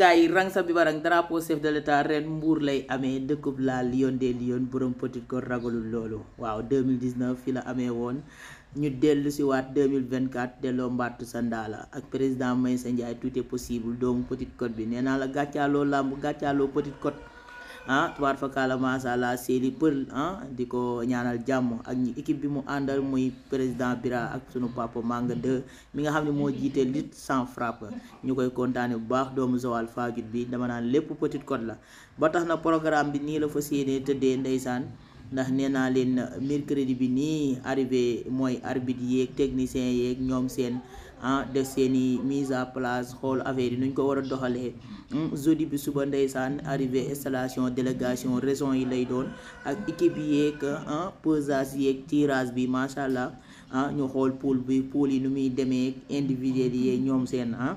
gaa yi rang sa bi barang drapeau chef de l'état ren mbuur lay amee dëkkub laa lion de lions borom petite ko ragalul loolu waaw 2019 fi la amee woon ñu dellu si waat 2024 delloo mbattu sa ndaala ak président Maysa Ndiaye tout est possible doomu petite côte bi nee naa la gàccaaloo làmb gàccaaloo petite côte ah tubaar fakala macha allah seeli pël ah di ko ñaanal jàmm ak ñu équipe bi mu àndal muy président Bira ak sunu papa Manga de mi nga xam ne moo jiitee lutte san frappe ñu koy kontaane bu baax doomu Joal Fadiouth bi dama naan lépp petite côte la ba tax na programme bi nii la fas yéenee tëddee ndeysaan ndax nee naa leen mercredi bi nii arrivé mooy arbitre yeeg technicien yeeg ñoom seen ah def seen i mise à place xool affaire yi ñu ko war a doxalee hmm, jeudi bi suba ndeysaan arrivé installation délégation raison yi lay doon ak équipe yeeg ah pesage yeeg tirage bi macha allah ah ñu xool pool bi pool yi nu muy demee individuel yi ñoom seen ah.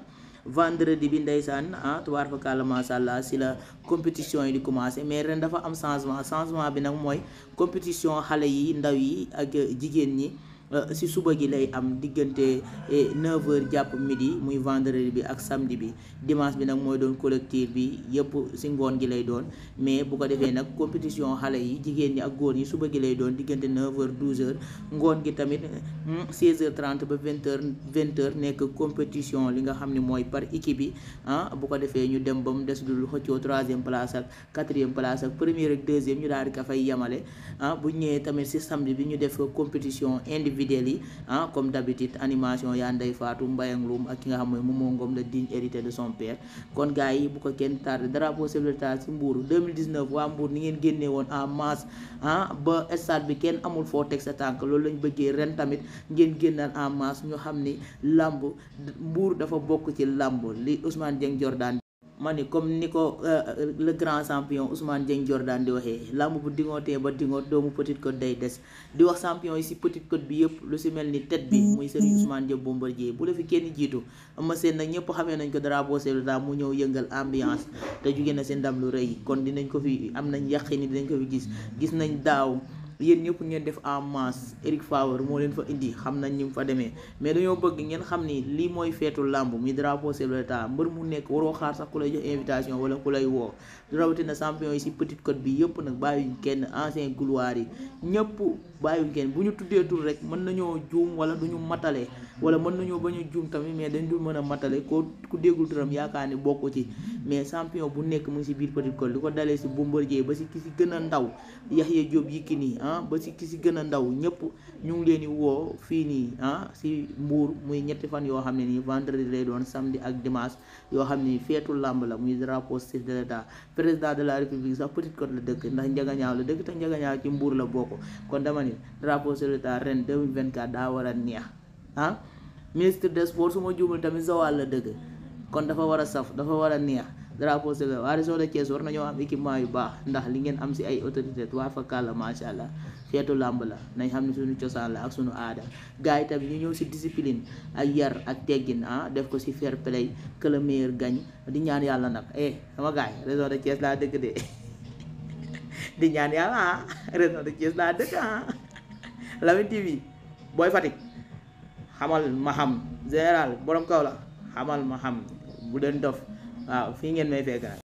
vendredi bi ndeysaan ah tubaar fa kàlla macha allah si la compétition yi di commencé mais ren dafa am changement changement bi nag mooy compétition xale yi ndaw yi ak jigéen ñi. Euh, si suba gi lay am diggante 9h eh, jàpp midi muy vendredi bi ak samdi bi dimanche bi nag mooy doon collective bi yëpp si ngoon gi lay doon mais bu ko defee nag compétition xale yi jigéen ñi ak góor yi suba gi lay doon diggante 9h 12h ngoon gi tamit 16h30 hmm, ba vingt h 20 nekk compétition li nga xam ne mooy par équipe bi ah bu ko defee ñu dem ba mu des dul xëccoo troisième place ak quatrième place ak première ak deuxième ñu daal di ka fay yemale ah bu ñëwee tamit si samedi bi ñu def compétition individuelle fidèles yi ah comme d'habitude animation yaa Ndeye Fatou Mbayang Loum ak ki nga xam mooy Momo Ngom le digne héritier de son père kon gars yi bu ko kenn tardé drapeau chef ci Mbour waa Mbour ni ngeen génnee en masse ah, ba stade bi kenn amul foo teg sa tànk loolu lañ bëggee ren tamit ngeen génnal en masse ñu xam ni làmb Mbour dafa bokk ci làmb li Ousmane Dieng Jordan ma ni comme ni ko euh, le grand champion Ousmane Dieng Jordan di waxee làmb bu dingootee ba dingoot doomu Petite Côte day des di wax champion yi si Petite Côte bi yëpp lu si mel ni tête bi mm-hmm. muy Serigne Ousmane Diop Bombardier bu la fi kenn jiitu ama seen nag ñëpp xamee nañ ko dara drapeau Seydou Dame mu ñëw yëngal ambiance te jugee na seen ndam lu rëy kon dinañ ko fi am nañ yàqi ni dinañ ko fi gis gis nañ daaw yéen ñëpp ngeen def en masse Eric Favre moo leen fa indi xam na ni fa demee mais dañoo bëgg ngeen xam ni lii mooy feetu làmb mi drapeau chef de l'État mbër mu nekk waroo xaar sax ku lay jox invitation wala ku lay woo rawatina champion yi si petite côte bi yëpp nag bàyyiwuñ kenn ancien gloire yi ñëpp bàyyiwuñ kenn bu ñu tuddee tur rek mën nañoo juum wala du ñu matale wala mën nañoo ba ñu juum tamit mais dañ dul mën a matale koo ku déggul turam yaakaar ni bokku ci mais champion bu nekk mu si biir petite côte ko dalee si Bombardier ba si ki si gën a ah ba si ki si gën a ndaw ñëpp ñu ngi leen di woo fii nii ah si mbuur muy ñetti fan yoo xam ne nii vendredi lay doon samedi ak dimanche yoo xam ne nii feetu làmb la muy drapeau chef de l'état président de la république sax Petite Côte la dëkk ndax njagañaaw la dëkk te njagañaaw ci mbuur la bokk kon dama ni drapeau chef de l'état ren daa war a neex ah ministre de sports su ma juumul tamit zawal la dëkk kon dafa war a saf dafa war a neex drapeau Sénégal waa région de Thiès war nañoo am équipement baax ndax li ngeen am si ay autorité waa fakkaal la allah xeetu làmb la nañ xam ne suñu cosaan la ak suñu aada gars yi tamit ñu ñëw si discipline ak yar ak teggin ah def ko si fair play que le meilleur di ñaan yàlla nag eh sama gars yi de Thiès laa dëkk de di ñaan yàlla ah région de Thiès laa dëkk ah Lamyn TV booy Fatick xamal ma xam général borom kaw la xamal ma xam bu den dof ah, o Finger não é vegano.